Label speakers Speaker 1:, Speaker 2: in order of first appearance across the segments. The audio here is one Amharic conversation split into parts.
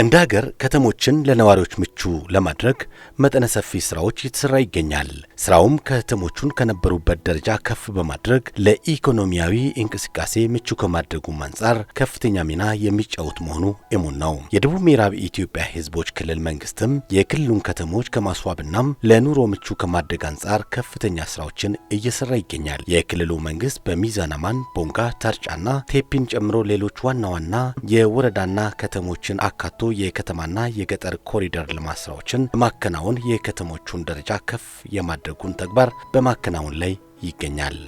Speaker 1: እንደ ሀገር ከተሞችን ለነዋሪዎች ምቹ ለማድረግ መጠነ ሰፊ ስራዎች እየተሰራ ይገኛል። ስራውም ከተሞቹን ከነበሩበት ደረጃ ከፍ በማድረግ ለኢኮኖሚያዊ እንቅስቃሴ ምቹ ከማድረጉም አንጻር ከፍተኛ ሚና የሚጫወት መሆኑ እሙን ነው። የደቡብ ምዕራብ ኢትዮጵያ ህዝቦች ክልል መንግስትም የክልሉን ከተሞች ከማስዋብናም ለኑሮ ምቹ ከማድረግ አንጻር ከፍተኛ ስራዎችን እየሰራ ይገኛል። የክልሉ መንግስት በሚዛን አማን፣ ቦንጋ፣ ታርጫና ቴፒን ጨምሮ ሌሎች ዋና ዋና የወረዳና ከተሞችን አካቶ የከተማና የገጠር ኮሪደር ልማት ስራዎችን በማከናወን የከተሞቹን ደረጃ ከፍ የማድረጉን ተግባር በማከናወን ላይ ይገኛል።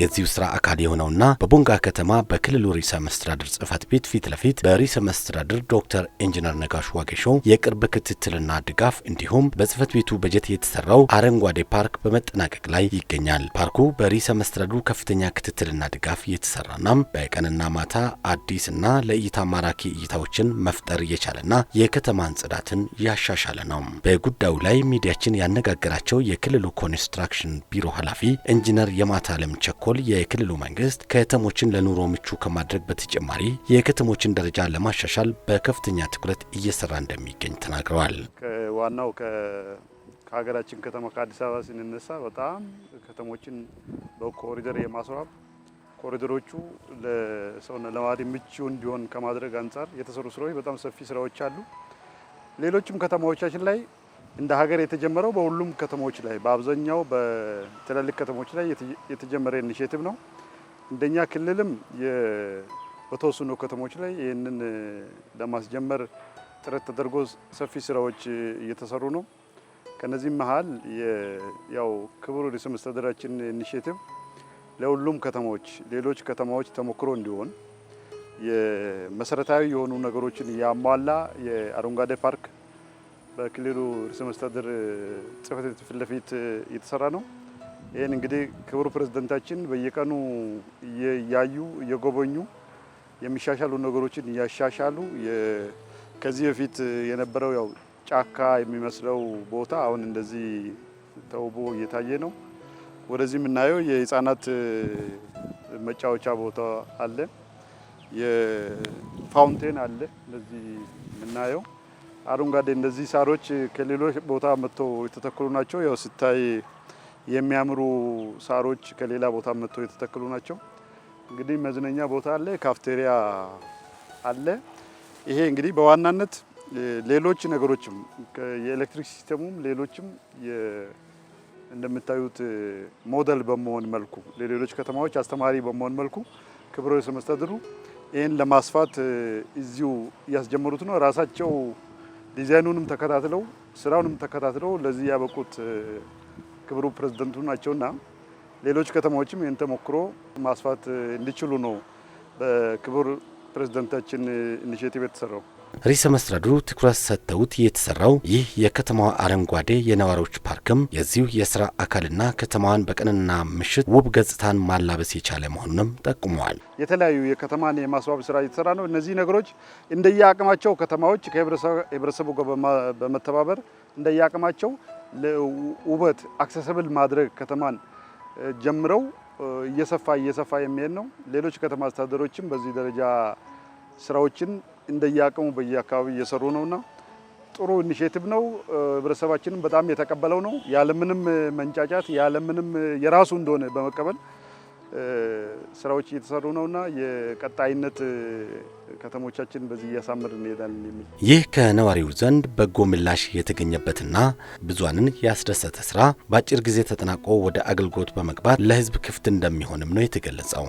Speaker 1: የዚሁ ስራ አካል የሆነውና በቦንጋ ከተማ በክልሉ ርዕሰ መስተዳድር ጽህፈት ቤት ፊት ለፊት በርዕሰ መስተዳድር ዶክተር ኢንጂነር ነጋሽ ዋጌሾ የቅርብ ክትትልና ድጋፍ እንዲሁም በጽህፈት ቤቱ በጀት የተሰራው አረንጓዴ ፓርክ በመጠናቀቅ ላይ ይገኛል። ፓርኩ በርዕሰ መስተዳድሩ ከፍተኛ ክትትልና ድጋፍ የተሰራናም በቀንና ማታ አዲስ እና ለእይታ ማራኪ እይታዎችን መፍጠር የቻለና የከተማን ጽዳትን ያሻሻለ ነው። በጉዳዩ ላይ ሚዲያችን ያነጋገራቸው የክልሉ ኮንስትራክሽን ቢሮ ኃላፊ ኢንጂነር የማታለም ቸኮ በኩል የክልሉ መንግስት ከተሞችን ለኑሮ ምቹ ከማድረግ በተጨማሪ የከተሞችን ደረጃ ለማሻሻል በከፍተኛ ትኩረት እየሰራ እንደሚገኝ ተናግረዋል።
Speaker 2: ዋናው ከሀገራችን ከተማ ከአዲስ አበባ ስንነሳ በጣም ከተሞችን በኮሪደር የማስዋብ ኮሪደሮቹ ለሰውነ ለማድ ምቹ እንዲሆን ከማድረግ አንጻር የተሰሩ ስራዎች በጣም ሰፊ ስራዎች አሉ። ሌሎችም ከተማዎቻችን ላይ እንደ ሀገር የተጀመረው በሁሉም ከተሞች ላይ በአብዛኛው በትላልቅ ከተሞች ላይ የተጀመረ ኢኒሼቲቭ ነው። እንደኛ ክልልም በተወሰኑ ከተሞች ላይ ይህንን ለማስጀመር ጥረት ተደርጎ ሰፊ ስራዎች እየተሰሩ ነው። ከነዚህም መሀል ያው ክቡር ርዕሰ መስተዳድራችን ኢኒሽቲቭ ለሁሉም ከተሞች ሌሎች ከተማዎች ተሞክሮ እንዲሆን መሰረታዊ የሆኑ ነገሮችን ያሟላ የአረንጓዴ ፓርክ በክልሉ ርዕሰ መስተዳድር ጽሕፈት ቤት ፊት ለፊት እየተሰራ ነው። ይህን እንግዲህ ክቡር ፕሬዝደንታችን በየቀኑ እያዩ እየጎበኙ የሚሻሻሉ ነገሮችን እያሻሻሉ ከዚህ በፊት የነበረው ያው ጫካ የሚመስለው ቦታ አሁን እንደዚህ ተውቦ እየታየ ነው። ወደዚህ የምናየው የህፃናት መጫወቻ ቦታ አለ፣ የፋውንቴን አለ እንደዚህ የምናየው አረንጓዴ እንደዚህ ሳሮች ከሌሎች ቦታ መጥተው የተተከሉ ናቸው። ያው ስታይ የሚያምሩ ሳሮች ከሌላ ቦታ መጥተው የተተከሉ ናቸው። እንግዲህ መዝነኛ ቦታ አለ፣ ካፍቴሪያ አለ። ይሄ እንግዲህ በዋናነት ሌሎች ነገሮችም የኤሌክትሪክ ሲስተሙም ሌሎችም እንደምታዩት ሞዴል በመሆን መልኩ ለሌሎች ከተማዎች አስተማሪ በመሆን መልኩ ክብረ ርዕሰ መስተዳድሩ ይህን ለማስፋት እዚሁ እያስጀመሩት ነው ራሳቸው ዲዛይኑንም ተከታትለው ስራውንም ተከታትለው ለዚህ ያበቁት ክብሩ ፕሬዝደንቱ ናቸውና ሌሎች ከተማዎችም ይህን ተሞክሮ ማስፋት እንዲችሉ ነው በክቡር ፕሬዝደንታችን ኢኒሽቲቭ የተሰራው።
Speaker 1: ርዕሰ መስተዳድሩ ትኩረት ሰጥተውት የተሰራው ይህ የከተማዋ አረንጓዴ የነዋሪዎች ፓርክም የዚሁ የስራ አካልና ከተማዋን በቀንና ምሽት ውብ ገጽታን ማላበስ የቻለ መሆኑንም ጠቁመዋል።
Speaker 2: የተለያዩ የከተማን የማስዋብ ስራ እየተሰራ ነው። እነዚህ ነገሮች እንደየአቅማቸው ከተማዎች ከህብረተሰቡ ጋር በመተባበር እንደየአቅማቸው ውበት አክሰስብል ማድረግ ከተማን ጀምረው እየሰፋ እየሰፋ የሚሄድ ነው። ሌሎች ከተማ አስተዳደሮችም በዚህ ደረጃ ስራዎችን እንደየአቅሙ በየአካባቢ እየሰሩ ነውና ጥሩ ኢኒሼቲቭ ነው። ህብረተሰባችንም በጣም የተቀበለው ነው። ያለምንም መንጫጫት ያለምንም የራሱ እንደሆነ በመቀበል ስራዎች እየተሰሩ ነውና የቀጣይነት ከተሞቻችን በዚህ እያሳምር እንሄዳለን የሚል
Speaker 1: ይህ ከነዋሪው ዘንድ በጎ ምላሽ የተገኘበትና ብዙንን ያስደሰተ ስራ በአጭር ጊዜ ተጠናቆ ወደ አገልግሎት በመግባት ለህዝብ ክፍት እንደሚሆንም ነው የተገለጸው።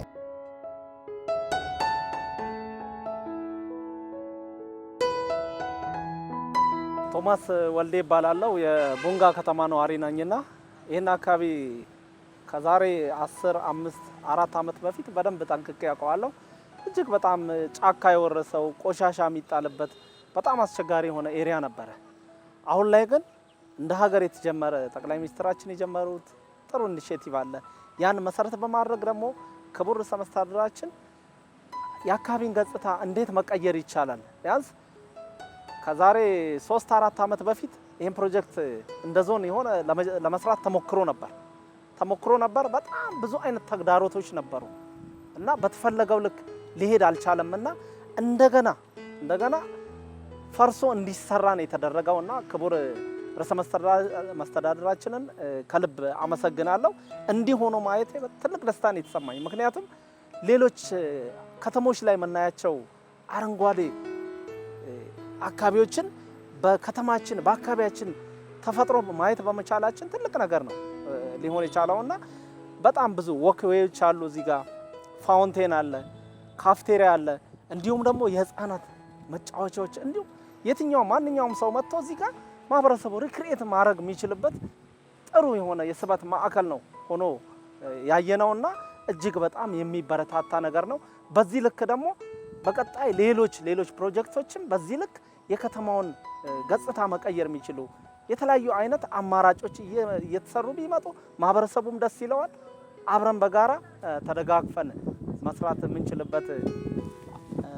Speaker 3: ቶማስ ወልዴ ይባላለው የቡንጋ ከተማ ነዋሪ ነኝና ይህን አካባቢ ከዛሬ አስር አምስት አራት ዓመት በፊት በደንብ ጠንቅቄ ያውቀዋለሁ። እጅግ በጣም ጫካ የወረሰው ቆሻሻ የሚጣልበት በጣም አስቸጋሪ የሆነ ኤሪያ ነበረ። አሁን ላይ ግን እንደ ሀገር የተጀመረ ጠቅላይ ሚኒስትራችን የጀመሩት ጥሩ ኢኒሼቲቭ አለ። ያን መሰረት በማድረግ ደግሞ ክቡር ርዕሰ መስተዳድራችን የአካባቢን ገጽታ እንዴት መቀየር ይቻላል ቢያንስ ከዛሬ ሶስት አራት ዓመት በፊት ይህን ፕሮጀክት እንደ ዞን የሆነ ለመስራት ተሞክሮ ነበር ተሞክሮ ነበር። በጣም ብዙ አይነት ተግዳሮቶች ነበሩ እና በተፈለገው ልክ ሊሄድ አልቻለም እና እንደገና እንደገና ፈርሶ እንዲሰራ ነው የተደረገው እና ክቡር ርዕሰ መስተዳድራችንን ከልብ አመሰግናለሁ። እንዲህ ሆኖ ማየቴ ትልቅ ደስታ ነው የተሰማኝ። ምክንያቱም ሌሎች ከተሞች ላይ የምናያቸው አረንጓዴ አካባቢዎችን በከተማችን በአካባቢያችን ተፈጥሮ ማየት በመቻላችን ትልቅ ነገር ነው ሊሆን የቻለው እና በጣም ብዙ ወክዌዎች አሉ። እዚህ ጋር ፋውንቴን አለ፣ ካፍቴሪያ አለ፣ እንዲሁም ደግሞ የህፃናት መጫወቻዎች እንዲሁም የትኛው ማንኛውም ሰው መጥቶ እዚህ ጋር ማህበረሰቡ ሪክሬት ማድረግ የሚችልበት ጥሩ የሆነ የስበት ማዕከል ነው ሆኖ እና እጅግ በጣም የሚበረታታ ነገር ነው። በዚህ ልክ ደግሞ በቀጣይ ሌሎች ሌሎች ፕሮጀክቶችም በዚህ ልክ የከተማውን ገጽታ መቀየር የሚችሉ የተለያዩ አይነት አማራጮች እየተሰሩ ቢመጡ ማህበረሰቡም ደስ ይለዋል። አብረን በጋራ ተደጋግፈን መስራት የምንችልበት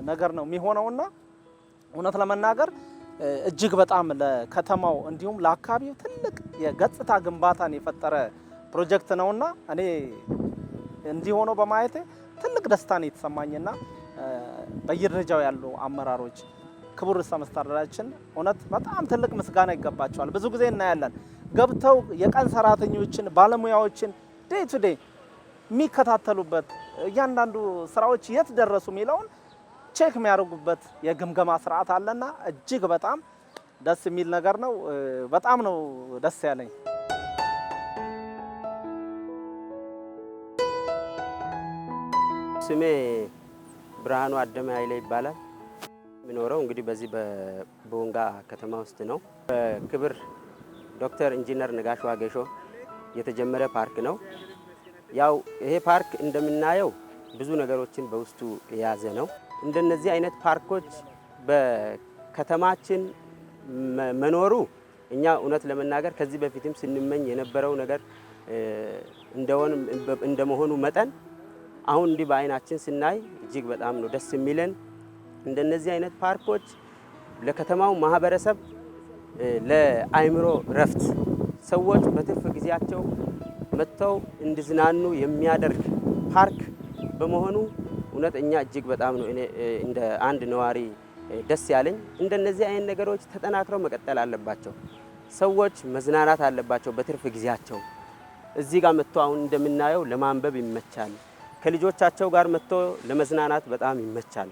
Speaker 3: ነገር ነው የሚሆነውና እውነት ለመናገር እጅግ በጣም ለከተማው እንዲሁም ለአካባቢው ትልቅ የገጽታ ግንባታን የፈጠረ ፕሮጀክት ነውና እኔ እንዲሆነው በማየቴ ትልቅ ደስታን የተሰማኝና በየደረጃው ያሉ አመራሮች፣ ክቡር ርዕሰ መስተዳድራችን እውነት በጣም ትልቅ ምስጋና ይገባቸዋል። ብዙ ጊዜ እናያለን ገብተው የቀን ሰራተኞችን ባለሙያዎችን ዴይ ቱ ዴይ የሚከታተሉበት እያንዳንዱ ስራዎች የት ደረሱ የሚለውን ቼክ የሚያደርጉበት የግምገማ ስርዓት አለና እጅግ በጣም ደስ የሚል ነገር ነው። በጣም ነው ደስ ያለኝ።
Speaker 4: ስሜ ብርሃኑ አደመ ኃይለ ይባላል። የሚኖረው እንግዲህ በዚህ በቦንጋ ከተማ ውስጥ ነው። በክብር ዶክተር ኢንጂነር ነጋሽ ዋጌሾ የተጀመረ ፓርክ ነው። ያው ይሄ ፓርክ እንደምናየው ብዙ ነገሮችን በውስጡ የያዘ ነው። እንደነዚህ አይነት ፓርኮች በከተማችን መኖሩ እኛ እውነት ለመናገር ከዚህ በፊትም ስንመኝ የነበረው ነገር እንደሆን እንደመሆኑ መጠን አሁን እንዲህ በአይናችን ስናይ እጅግ በጣም ነው ደስ የሚለን። እንደነዚህ አይነት ፓርኮች ለከተማው ማህበረሰብ ለአእምሮ ረፍት ሰዎች በትርፍ ጊዜያቸው መጥተው እንዲዝናኑ የሚያደርግ ፓርክ በመሆኑ እውነት እኛ እጅግ በጣም ነው እኔ እንደ አንድ ነዋሪ ደስ ያለኝ። እንደነዚህ አይነት ነገሮች ተጠናክረው መቀጠል አለባቸው። ሰዎች መዝናናት አለባቸው በትርፍ ጊዜያቸው። እዚህ ጋር መጥቶ አሁን እንደምናየው ለማንበብ ይመቻል። ከልጆቻቸው ጋር መጥቶ ለመዝናናት በጣም ይመቻል።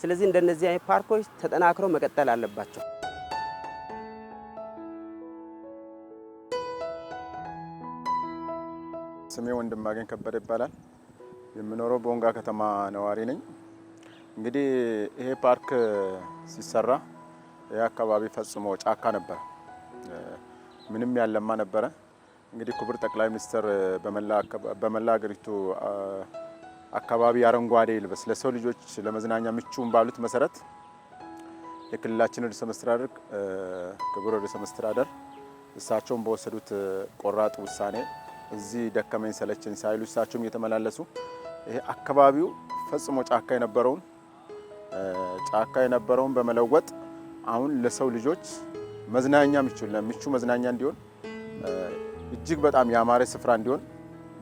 Speaker 4: ስለዚህ እንደነዚህ አይነት ፓርኮች ተጠናክረው መቀጠል አለባቸው።
Speaker 5: ስሜ ወንድማገኝ ከበደ ይባላል። የምኖረው ቦንጋ ከተማ ነዋሪ ነኝ። እንግዲህ ይሄ ፓርክ ሲሰራ ይህ አካባቢ ፈጽሞ ጫካ ነበረ፣ ምንም ያለማ ነበረ። እንግዲህ ክቡር ጠቅላይ ሚኒስትር በመላ ሀገሪቱ አካባቢ አረንጓዴ ይልበስ ለሰው ልጆች ለመዝናኛ ምቹ ባሉት መሰረት የክልላችን ርዕሰ መስተዳድር ክቡር ርዕሰ መስተዳድር እሳቸውን በወሰዱት ቆራጥ ውሳኔ እዚህ ደከመኝ ሰለቸኝ ሳይሉ እሳቸውም እየተመላለሱ ይሄ አካባቢው ፈጽሞ ጫካ የነበረውን ጫካ የነበረውን በመለወጥ አሁን ለሰው ልጆች መዝናኛ ምቹ ለምቹ መዝናኛ እንዲሆን እጅግ በጣም ያማረ ስፍራ እንዲሆን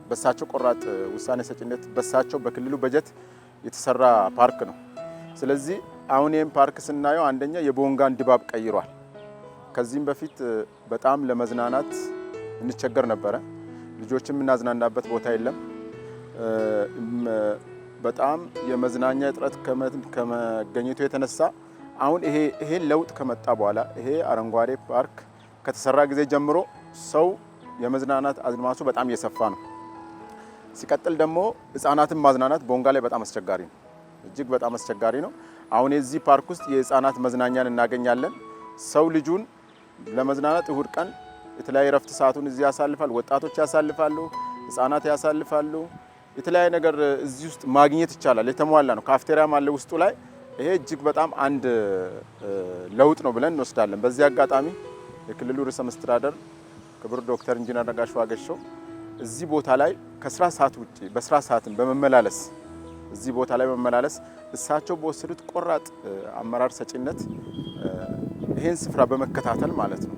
Speaker 5: በሳቸው ቆራጥ ውሳኔ ሰጭነት በሳቸው በክልሉ በጀት የተሰራ ፓርክ ነው። ስለዚህ አሁን ይህም ፓርክ ስናየው አንደኛ የቦንጋን ድባብ ቀይሯል። ከዚህም በፊት በጣም ለመዝናናት እንቸገር ነበረ። ልጆችም እናዝናናበት ቦታ የለም። በጣም የመዝናኛ እጥረት ከመገኘቱ የተነሳ አሁን ይሄ ይሄን ለውጥ ከመጣ በኋላ ይሄ አረንጓዴ ፓርክ ከተሰራ ጊዜ ጀምሮ ሰው የመዝናናት አዝማሱ በጣም እየሰፋ ነው። ሲቀጥል ደግሞ ህጻናትን ማዝናናት ቦንጋ ላይ በጣም አስቸጋሪ ነው፣ እጅግ በጣም አስቸጋሪ ነው። አሁን የዚህ ፓርክ ውስጥ የህጻናት መዝናኛን እናገኛለን። ሰው ልጁን ለመዝናናት እሁድ ቀን የተለያየ ረፍት ሰዓቱን እዚህ ያሳልፋል። ወጣቶች ያሳልፋሉ፣ ህጻናት ያሳልፋሉ። የተለያየ ነገር እዚህ ውስጥ ማግኘት ይቻላል። የተሟላ ነው። ካፍቴሪያም አለ ውስጡ ላይ። ይሄ እጅግ በጣም አንድ ለውጥ ነው ብለን እንወስዳለን። በዚህ አጋጣሚ የክልሉ ርዕሰ መስተዳደር ክብር ዶክተር ኢንጂነር ነጋሽ ዋገሾው እዚህ ቦታ ላይ ከስራ ሰዓት ውጪ በስራ ሰዓትን በመመላለስ እዚህ ቦታ ላይ በመመላለስ እሳቸው በወሰዱት ቆራጥ አመራር ሰጪነት ይህን ስፍራ በመከታተል ማለት ነው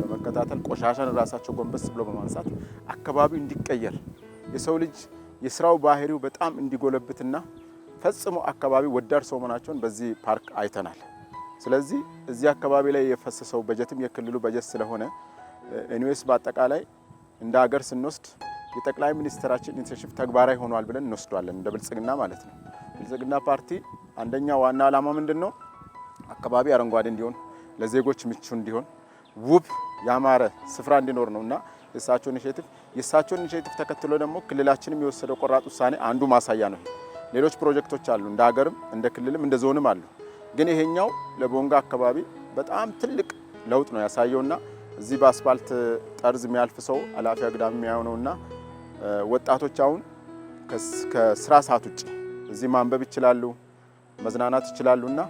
Speaker 5: በመከታተል ቆሻሻን ራሳቸው ጎንበስ ብሎ በማንሳት አካባቢው እንዲቀየር የሰው ልጅ የስራው ባህሪው በጣም እንዲጎለብትና ፈጽሞ አካባቢ ወዳድ ሰው መሆናቸውን በዚህ ፓርክ አይተናል። ስለዚህ እዚህ አካባቢ ላይ የፈሰሰው በጀትም የክልሉ በጀት ስለሆነ ኢንዌስ በአጠቃላይ እንደ ሀገር ስንወስድ የጠቅላይ ሚኒስትራችን ኢኒሼቲቭ ተግባራዊ ሆኗል ብለን እንወስዷለን፣ እንደ ብልጽግና ማለት ነው። ብልጽግና ፓርቲ አንደኛ ዋና ዓላማ ምንድን ነው? አካባቢ አረንጓዴ እንዲሆን፣ ለዜጎች ምቹ እንዲሆን፣ ውብ ያማረ ስፍራ እንዲኖር ነው እና የእሳቸው ኢኒሼቲቭ የእሳቸውን ኢኒሼቲቭ ተከትሎ ደግሞ ክልላችንም የወሰደው ቆራጥ ውሳኔ አንዱ ማሳያ ነው። ሌሎች ፕሮጀክቶች አሉ፣ እንደ ሀገርም እንደ ክልልም እንደ ዞንም አሉ። ግን ይሄኛው ለቦንጋ አካባቢ በጣም ትልቅ ለውጥ ነው ያሳየውና እዚህ በአስፋልት ጠርዝ የሚያልፍ ሰው አላፊ አግዳሚ የሚያየው ነውና ወጣቶች አሁን ከስራ ሰዓት ውጭ እዚህ ማንበብ ይችላሉ፣ መዝናናት ይችላሉና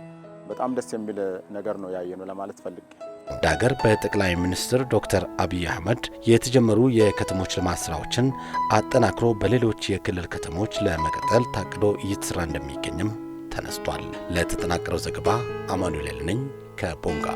Speaker 5: በጣም ደስ የሚል ነገር ነው ነው ለማለት ፈልግ
Speaker 1: እንደ ሀገር በጠቅላይ ሚኒስትር ዶክተር አብይ አህመድ የተጀመሩ የከተሞች ልማት ስራዎችን አጠናክሮ በሌሎች የክልል ከተሞች ለመቀጠል ታቅዶ እየተሰራ እንደሚገኝም ተነስቷል። ለተጠናቀረው ዘገባ አማኑኤል ነኝ ከቦንጋ